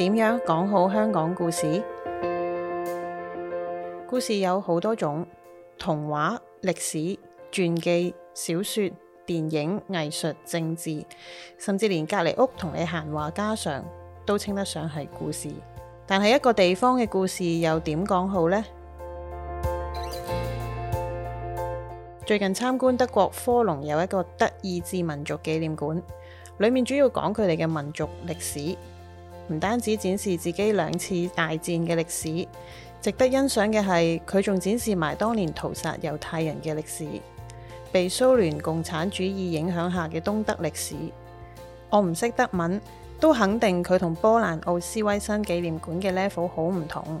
點樣講好香港故事？故事有好多種，童話、歷史、傳記、小說、電影、藝術、政治，甚至連隔籬屋同你閒話家常都稱得上係故事。但係一個地方嘅故事又點講好呢？最近參觀德國科隆有一個德意志民族紀念館，裏面主要講佢哋嘅民族歷史。唔單止展示自己兩次大戰嘅歷史，值得欣賞嘅係佢仲展示埋當年屠殺猶太人嘅歷史，被蘇聯共產主義影響下嘅東德歷史。我唔識德文，都肯定佢同波蘭奧斯威辛紀念館嘅 level 好唔同。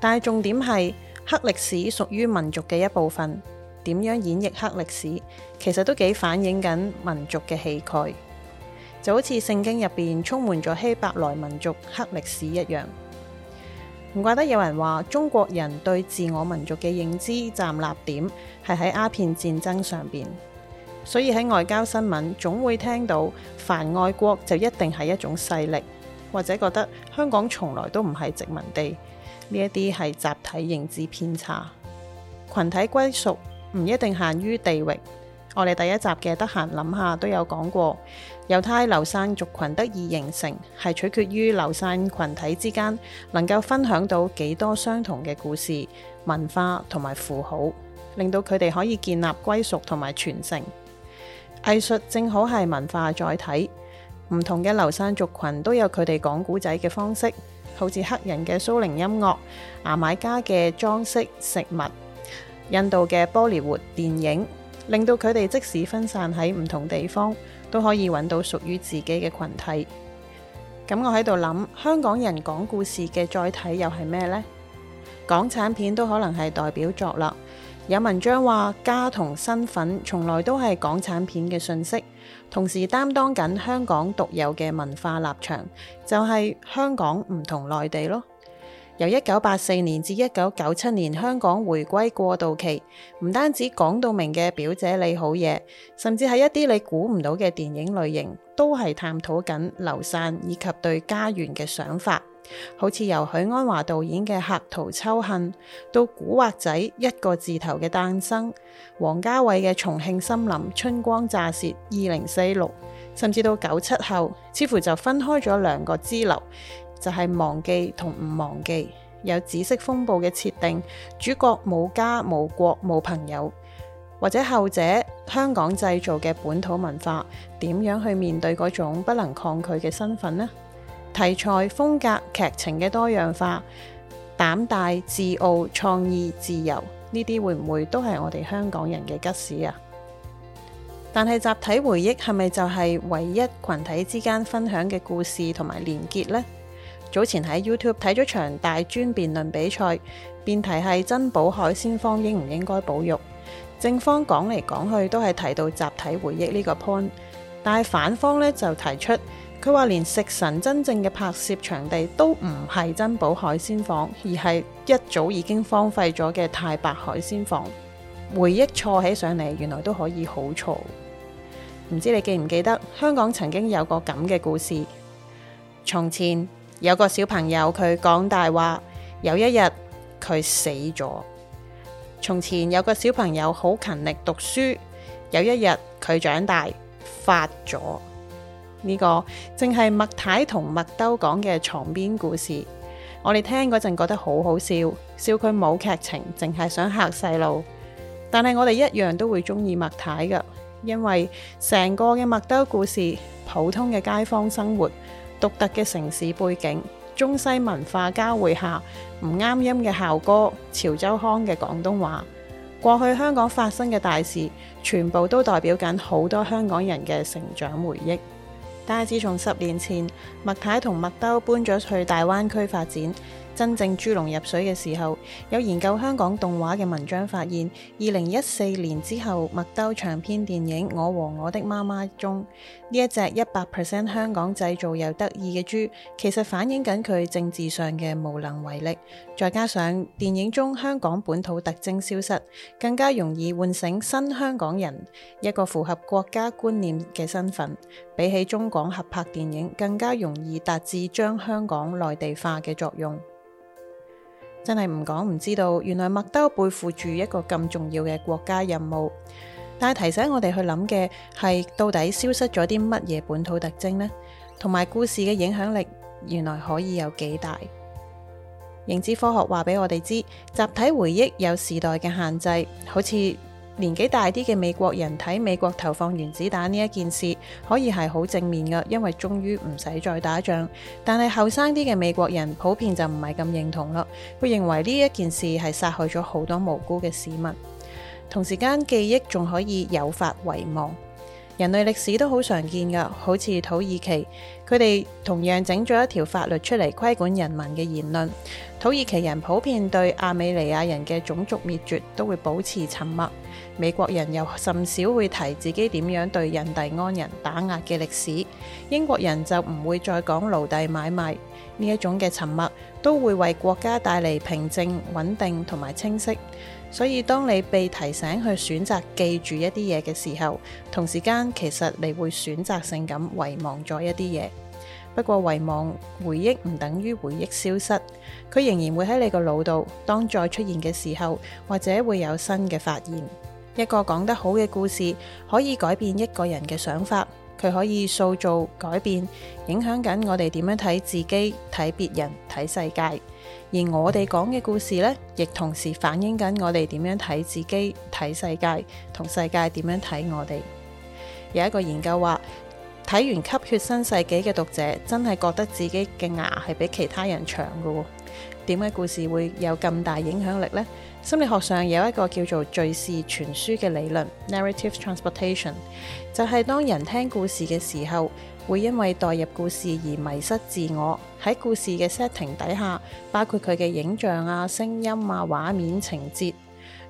但係重點係黑歷史屬於民族嘅一部分，點樣演繹黑歷史，其實都幾反映緊民族嘅氣概。就好似聖經入邊充滿咗希伯來民族黑歷史一樣，唔怪得有人話中國人對自我民族嘅認知站立點係喺鴉片戰爭上邊，所以喺外交新聞總會聽到凡愛國就一定係一種勢力，或者覺得香港從來都唔係殖民地，呢一啲係集體認知偏差，群體歸屬唔一定限於地域。我哋第一集嘅得閒諗下都有講過，猶太流散族群得以形成，係取決於流散群體之間能夠分享到幾多相同嘅故事、文化同埋符號，令到佢哋可以建立歸屬同埋傳承。藝術正好係文化載體，唔同嘅流散族群都有佢哋講古仔嘅方式，好似黑人嘅蘇寧音樂、牙買加嘅裝飾食物、印度嘅波利活電影。令到佢哋即使分散喺唔同地方，都可以揾到屬於自己嘅群體。咁我喺度諗，香港人講故事嘅載體又係咩呢？港產片都可能係代表作啦。有文章話，家同身份從來都係港產片嘅信息，同時擔當緊香港獨有嘅文化立場，就係香港唔同內地咯。由一九八四年至一九九七年，香港回歸過渡期，唔單止講到明嘅表姐你好嘢，甚至係一啲你估唔到嘅電影類型，都係探討緊流散以及對家園嘅想法。好似由許鞍華導演嘅《客途秋恨》到古惑仔一個字頭嘅誕生，王家衛嘅《重慶森林》、《春光乍泄》、《二零四六》，甚至到九七後，似乎就分開咗兩個支流。就係忘記同唔忘記，有紫色風暴嘅設定，主角冇家冇國冇朋友，或者後者香港製造嘅本土文化點樣去面對嗰種不能抗拒嘅身份呢？題材風格劇情嘅多樣化，膽大自傲創意自由呢啲會唔會都係我哋香港人嘅吉事啊？但係集體回憶係咪就係唯一群體之間分享嘅故事同埋連結呢？早前喺 YouTube 睇咗場大專辯論比賽，辯題係珍寶海鮮坊應唔應該保育。正方講嚟講去都係提到集體回憶呢個 point，但係反方咧就提出佢話連食神真正嘅拍攝場地都唔係珍寶海鮮坊，而係一早已經荒廢咗嘅太白海鮮坊。回憶錯起上嚟，原來都可以好嘈。唔知你記唔記得香港曾經有個咁嘅故事？從前。有個小朋友佢講大話，有一日佢死咗。從前有個小朋友好勤力讀書，有一日佢長大發咗呢個，淨係麥太同麥兜講嘅床邊故事。我哋聽嗰陣覺得好好笑，笑佢冇劇情，淨係想嚇細路。但係我哋一樣都會中意麥太噶，因為成個嘅麥兜故事，普通嘅街坊生活。獨特嘅城市背景，中西文化交匯下，唔啱音嘅校歌，潮州腔嘅廣東話，過去香港發生嘅大事，全部都代表緊好多香港人嘅成長回憶。但係自從十年前，麥太同麥兜搬咗去大灣區發展。真正豬籠入水嘅時候，有研究香港動畫嘅文章發現，二零一四年之後麥兜長篇電影《我和我的媽媽》中呢一隻一百 percent 香港製造又得意嘅豬，其實反映緊佢政治上嘅無能為力。再加上電影中香港本土特徵消失，更加容易喚醒新香港人一個符合國家觀念嘅身份。比起中港合拍電影，更加容易達至將香港內地化嘅作用。真係唔講唔知道，原來麥兜背負住一個咁重要嘅國家任務。但係提醒我哋去諗嘅係，到底消失咗啲乜嘢本土特徵呢？同埋故事嘅影響力，原來可以有幾大？認知科學話俾我哋知，集體回憶有時代嘅限制，好似。年紀大啲嘅美國人睇美國投放原子彈呢一件事，可以係好正面嘅，因為終於唔使再打仗。但係後生啲嘅美國人普遍就唔係咁認同咯，佢認為呢一件事係殺害咗好多無辜嘅市民。同時間記憶仲可以有法遺忘。人類歷史都好常見㗎，好似土耳其，佢哋同樣整咗一條法律出嚟規管人民嘅言論。土耳其人普遍對亞美尼亞人嘅種族滅絕都會保持沉默。美國人又甚少會提自己點樣對印第安人打壓嘅歷史。英國人就唔會再講奴隸買賣。呢一種嘅沉默，都會為國家帶嚟平靜、穩定同埋清晰。所以，當你被提醒去選擇記住一啲嘢嘅時候，同時間其實你會選擇性咁遺忘咗一啲嘢。不過遺忘，回憶唔等於回憶消失，佢仍然會喺你個腦度。當再出現嘅時候，或者會有新嘅發現。一個講得好嘅故事，可以改變一個人嘅想法。佢可以塑造、改變、影響緊我哋點樣睇自己、睇別人、睇世界。而我哋講嘅故事呢，亦同時反映緊我哋點樣睇自己、睇世界，同世界點樣睇我哋。有一個研究話，睇完《吸血新世紀》嘅讀者，真係覺得自己嘅牙係比其他人長㗎喎。點解故事會有咁大影響力呢？心理學上有一個叫做敘事傳輸嘅理論 （narrative transportation），就係當人聽故事嘅時候，會因為代入故事而迷失自我喺故事嘅 setting 底下，包括佢嘅影像啊、聲音啊、畫面情節。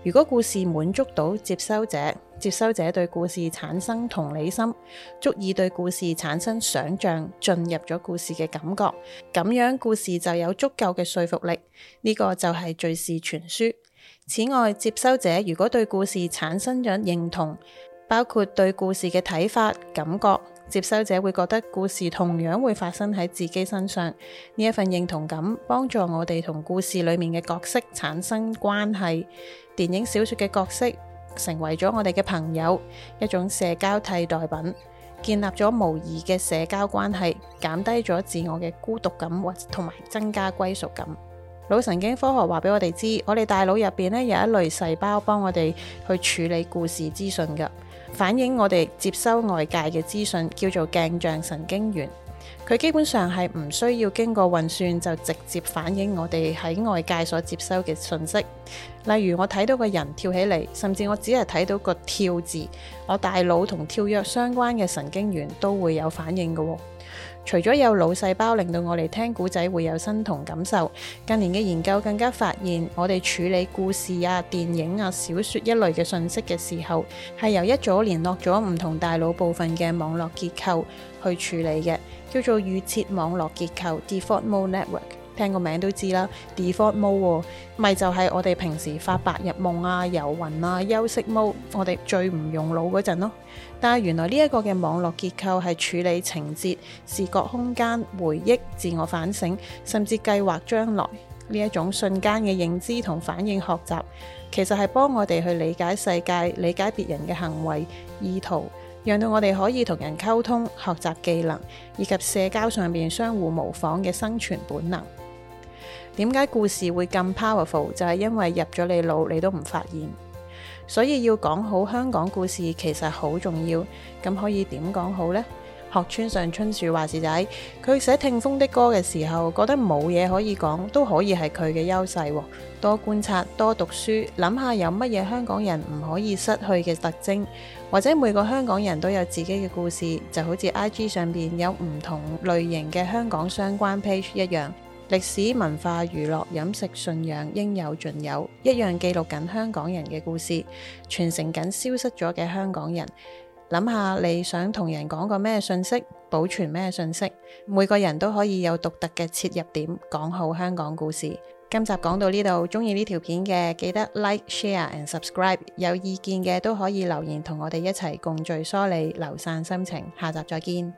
如果故事滿足到接收者，接收者對故事產生同理心，足以對故事產生想像，進入咗故事嘅感覺，咁樣故事就有足夠嘅說服力。呢個就係敘事傳輸。此外，接收者如果對故事產生咗認同，包括對故事嘅睇法、感覺，接收者會覺得故事同樣會發生喺自己身上。呢一份認同感幫助我哋同故事裏面嘅角色產生關係，電影、小說嘅角色成為咗我哋嘅朋友，一種社交替代品，建立咗無疑嘅社交關係，減低咗自我嘅孤獨感，或同埋增加歸屬感。腦神經科學話俾我哋知，我哋大腦入邊咧有一類細胞幫我哋去處理故事資訊噶，反映我哋接收外界嘅資訊，叫做鏡像神經元。佢基本上係唔需要經過運算就直接反映我哋喺外界所接收嘅信息。例如我睇到個人跳起嚟，甚至我只係睇到個跳字，我大腦同跳躍相關嘅神經元都會有反應噶。除咗有腦細胞令到我哋聽故仔會有身同感受，近年嘅研究更加發現，我哋處理故事啊、電影啊、小説一類嘅信息嘅時候，係由一組聯絡咗唔同大腦部分嘅網絡結構去處理嘅，叫做預設網絡結構 （Default Mode Network）。聽個名都知啦，default mode 咪就係我哋平時發白日夢啊、遊魂啊、休息 mode，我哋最唔用腦嗰陣咯。但係原來呢一個嘅網絡結構係處理情節、視覺空間、回憶、自我反省，甚至計劃將來呢一種瞬間嘅認知同反應學習，其實係幫我哋去理解世界、理解別人嘅行為、意圖，讓到我哋可以同人溝通、學習技能以及社交上面相互模仿嘅生存本能。點解故事會咁 powerful？就係因為入咗你腦，你都唔發現。所以要講好香港故事，其實好重要。咁可以點講好呢？學村上春樹話事仔，佢寫聽風的歌嘅時候，覺得冇嘢可以講，都可以係佢嘅優勢。多觀察，多讀書，諗下有乜嘢香港人唔可以失去嘅特徵，或者每個香港人都有自己嘅故事，就好似 I G 上邊有唔同類型嘅香港相關 page 一樣。歷史、文化、娛樂、飲食、信仰，應有盡有，一樣記錄緊香港人嘅故事，傳承緊消失咗嘅香港人。諗下你想同人講個咩信息，保存咩信息？每個人都可以有獨特嘅切入點，講好香港故事。今集講到呢度，鍾意呢條片嘅記得 like、share and subscribe。有意見嘅都可以留言同我哋一齊共聚梳理、流散心情。下集再見。